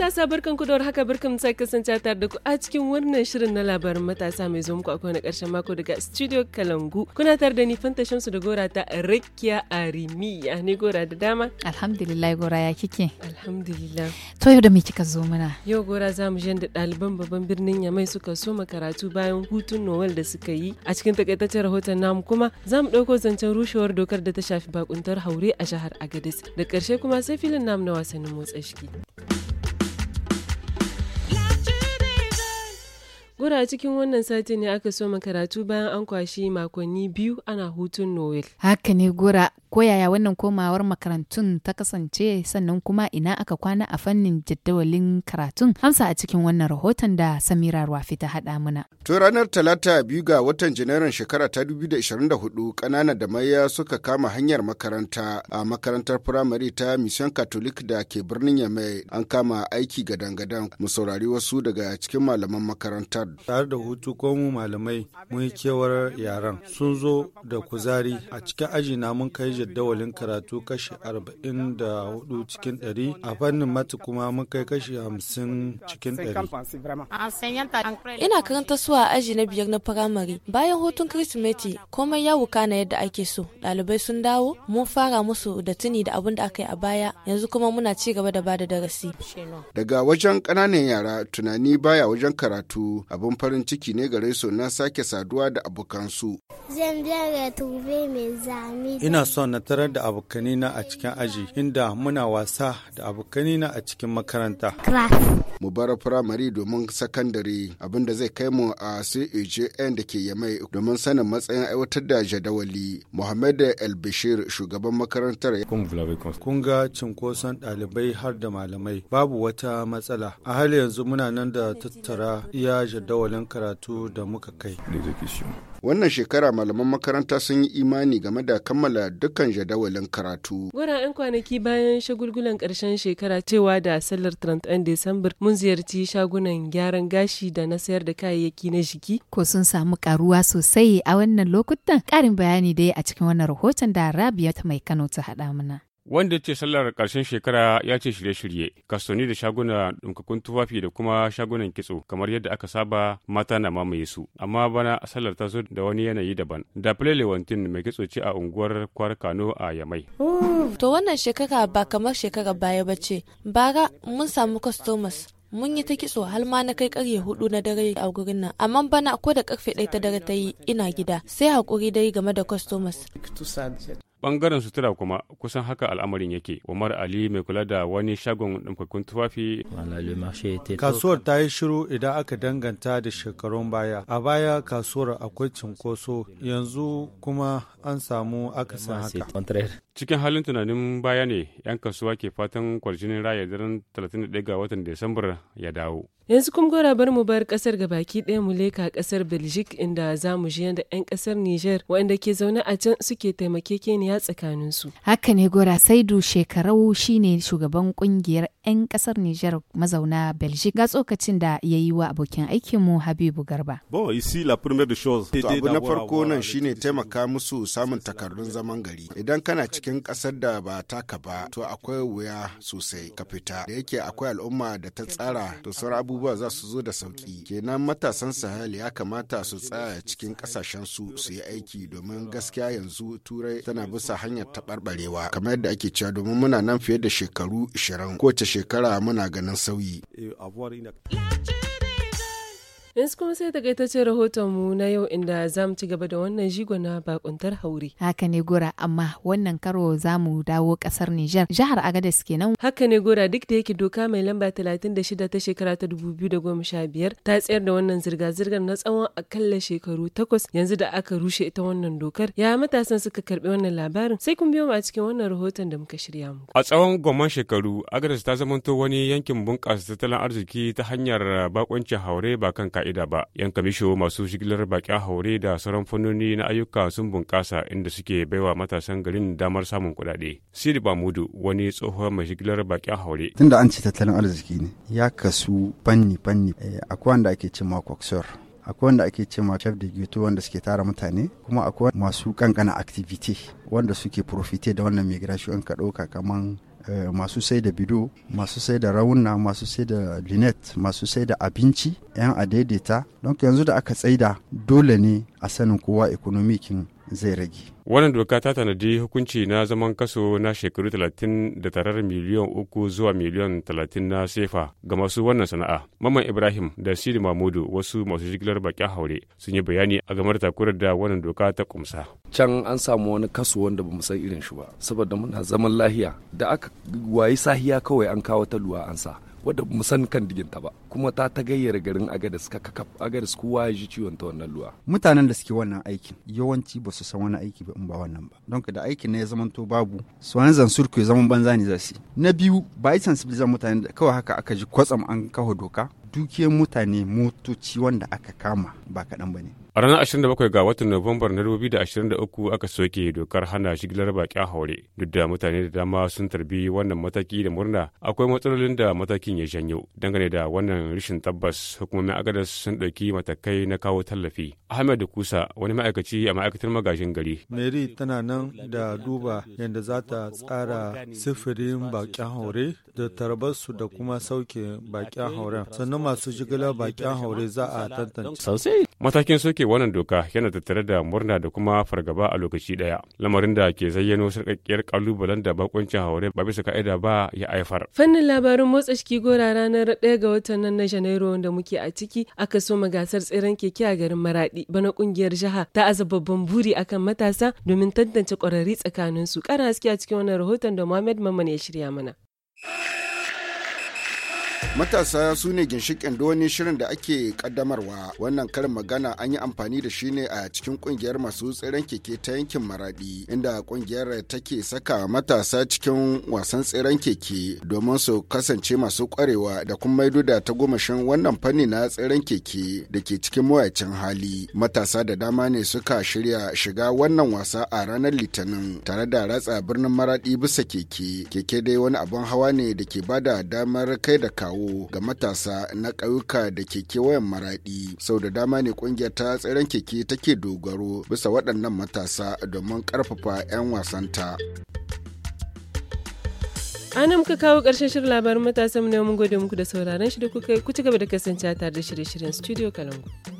matasa barkan ku da haka barkan ta kasance tare da ku a cikin wannan shirin na labarin matasa mai zo muku a kowane karshen mako daga studio Kalangu. Kuna tare da ni Fanta Shamsu da Gora ta Rakiya Arimi ya ne Gora da dama. Alhamdulillah Gora ya kike. Alhamdulillah. To yau da me kika zo mana? Yau Gora za mu da ɗaliban babban birnin ya mai suka soma karatu bayan hutun Noel da suka yi. A cikin takaitaccen rahoton namu kuma za mu ɗauko zancen rushewar dokar da ta shafi bakuntar haure a jihar agadis Da karshe kuma sai filin namu na wasannin motsa shi. Gura cikin wannan satin ne aka soma karatu bayan an kwashi makonni biyu ana hutun Noel. Haka ne Gura, ko yaya wannan komawar makarantun ta kasance sannan kuma ina aka kwana a fannin jadawalin karatun hamsa a cikin wannan rahoton da Samira Rafi ta haɗa mana. To ranar talata biyu ga watan Janairun shekara ta 2024 kanana da maya suka kama hanyar makaranta a makarantar firamare ta Mission Catholic da ke birnin Yamai an kama aiki gadan-gadan mu saurari wasu daga cikin malaman makarantar tare da hutu ko mu malamai mun yi kewar yaran sun zo da kuzari a cikin aji na mun kai jadawalin karatu kashi arba'in da hudu cikin ɗari a fannin mata kuma mun kai kashi hamsin cikin ɗari. Ina karanta su a aji na biyar na firamare bayan hutun Kirsimeti komai ya wuka na yadda ake so ɗalibai sun dawo mun fara musu da tuni da abin da aka yi a baya yanzu kuma muna ci gaba da bada darasi. Daga wajen kananan yara tunani baya wajen karatu abin farin ciki ne gare su na sake saduwa da abokansu. Zan ga tube mai zami. Ina son na tarar da abokanina a cikin aji inda muna wasa da abokanina a cikin makaranta. Mu bar firamare domin sakandare abinda zai kai mu a CAJN da ke Yamai domin sanin matsayin aiwatar da jadawali. Muhammad El Bashir shugaban makarantar. Kun ga cinkoson ɗalibai har da malamai babu wata matsala. A hali yanzu muna nan da tattara iya jadawali. jadawalin karatu da muka kai. Wannan shekara malaman makaranta sun yi imani game da kammala dukkan jadawalin karatu. Wara 'yan kwanaki bayan shagulgulan karshen shekara cewa da sallar 31 Desambar mun ziyarci shagunan gyaran gashi da na sayar da kayayyaki na jiki. Ko sun samu karuwa sosai a wannan lokutan? Ƙarin bayani dai a cikin wannan rahoton da Rabia ta mai Kano ta haɗa mana. wanda ya ce sallar karshen shekara ya ce shirye-shirye kastoni da shaguna ɗumkakun tufafi da kuma shagunan kitso kamar yadda aka saba mata na mamaye su amma bana sallar ta zo da wani yanayi daban da lewantin mai kitso ce a unguwar kwar kano a yamai to wannan shekara ba kamar shekara baya ba ce bara mun samu customers mun yi ta kitso har ma na kai karye hudu na dare a gurin nan amma bana ko da karfe ɗaya ta dare ta yi ina gida sai hakuri dai game da customers bangaren sutura kuma kusan haka al'amarin yake umar ali mai kula da wani shagon ɗumfakkun tufafi kasuwar ta yi shiru idan aka danganta da shekarun baya a baya kasuwar akwai cinkoso yanzu kuma an samu akasin haka cikin halin tunanin baya ne 'yan kasuwa ke fatan kwarjinin raya daren 31 ga watan desambar ya dawo Yanzu kuma gora bar mu bar kasar ga baki ɗaya mu leka kasar Belgique inda za mu ji yadda 'yan kasar Niger waɗanda ke zaune a can suke taimakekeniya tsakanin su. Haka ne gora Saidu Shekarau shine shugaban kungiyar 'yan kasar Niger mazauna Belgique ga tsokacin da ya yi wa abokin mu Habibu Garba. Bon, ici la première des choses. Abu na farko nan shine taimaka musu samun takardun zaman gari. Idan kana cikin kasar da ba taka ba to akwai wuya sosai ka fita da yake akwai al'umma da ta tsara to sauran abubuwa za su zo da sauki kenan matasan sahel ya kamata su tsaya cikin kasashen su su yi aiki domin gaskiya yanzu turai tana bisa hanyar taɓarɓarewa kamar yadda ake cewa domin muna nan fiye da shekaru 20 kowace shekara muna ganin sauyi eh, Yanzu kuma sai ta rahoton rahotonmu na yau inda za mu ci gaba da wannan jigo na bakuntar haure. Haka ne gora amma wannan karo za mu dawo kasar Nijar jihar Agadez kenan. Haka ne gora duk da yake doka mai lamba 36 ta shekara ta 2015 ta tsayar da wannan zirga-zirgar na tsawon akalla shekaru takwas yanzu da aka rushe ita wannan dokar. Ya matasan suka karbi wannan labarin sai kun biyo mu a cikin wannan rahoton da muka shirya muku. A tsawon goma shekaru Agadez ta zamanto wani yankin bunƙasa tattalin arziki ta hanyar bakuncin haure ba kan ka'ida ba yan kamisho masu shigilar baƙi haure da sauran fannoni na ayyuka sun bunƙasa inda suke baiwa matasan garin damar samun kuɗaɗe sidi bamudu wani tsohon mai shigilar baƙi haure tunda an ce tattalin arziki ne ya kasu fanni fanni eh, akwai wanda ake ce ma akwai wanda ake ce ma chef de guto wanda suke tara mutane kuma akwai masu kankana activity wanda suke profite da wannan migration ka ɗauka kaman Eh, masu sai da bido masu sai da rauna masu sai da linet masu sai da abinci 'yan adaidaita don yanzu da aka tsaida dole ne a sanin kowa ekonomikin zai rage. Wannan doka ta tanadi hukunci na zaman kaso na shekaru talatin da tarar miliyan uku zuwa miliyan talatin na sefa ga masu wannan sana'a. Maman Ibrahim da Sidi Mahmudu wasu masu jigilar bakin haure sun yi bayani a game da takurar da wannan doka ta kumsa. Can an samu wani kaso wanda ba mu san irin shi ba saboda muna zaman lahiya da aka wayi sahiya kawai an kawo ta luwa an sa. wadda mu san kan diginta ba kuma ta ta gayyara garin agadis kakaf agadis kowa ya ji ciwon ta wannan luwa mutanen da suke wannan aikin yawanci ba su san wani aiki ba in ba wannan ba don da aikin ne ya zama babu su wani zansur ke zaman banza ne zasu na biyu ba yi sensibilizar mutane da kawai haka aka ji kwatsam an kawo doka dukiyar mutane motoci wanda aka kama ba kaɗan ba ne A ranar 27 ga watan Nuwambar na 2023 aka soke dokar hana shigilar bakin haure. Duk da mutane da dama sun tarbi wannan mataki da murna, akwai matsalolin da matakin ya janyo. Dangane da wannan rashin tabbas, hukumomin agadas sun ɗauki matakai na kawo tallafi. Ahmed Kusa, wani ma'aikaci a ma'aikatar magajin gari. Mary tana nan da duba yadda za ta tsara sifirin bakin haure da tarbarsu da kuma sauke bakin hauren. Sannan masu jigilar bakin haure za a tantance. Sosai. Matakin soke wannan doka yana tattare da murna da kuma fargaba a lokaci daya lamarin da ke zayyano sarƙaƙƙiyar kalubalen da bakuncin haure ba bisa ka'ida ba ya haifar. Fannin labarin motsa ciki gora ranar 1 ga watan nan na Janairu wanda muke a ciki aka soma gasar tseren keke a garin Maradi bana kungiyar jiha ta aza babban buri akan matasa domin tantance tsakanin su kara haske a cikin wannan rahoton da mohammed Maman ya shirya mana. Matasa su ne ginshikin da wani shirin da ake kaddamarwa. Wannan karin magana an yi amfani da shi ne a cikin kungiyar masu tseren keke ta yankin Maradi, inda kungiyar take saka matasa cikin wasan tseren keke domin su kasance masu kwarewa da kuma maido da ta wannan fanni na tseren keke da ke cikin mawacin hali. Matasa da dama ne suka shirya shiga wannan wasa a ranar Litinin tare da ratsa birnin Maradi bisa keke. Keke dai wani abin hawa ne da ke bada damar kai da kawo ga matasa na ƙauyuka da ke kewayen maraɗi sau da dama ne ƙungiyar ta tseren keke take dogaro bisa waɗannan matasa domin ƙarfafa 'yan wasanta. ana muka kawo ƙarshen shirin labarin matasan mu ne mun gode muku da sauraron shi da kuka ci gaba da kasancewa tare da shirye-shiryen studio kalangu.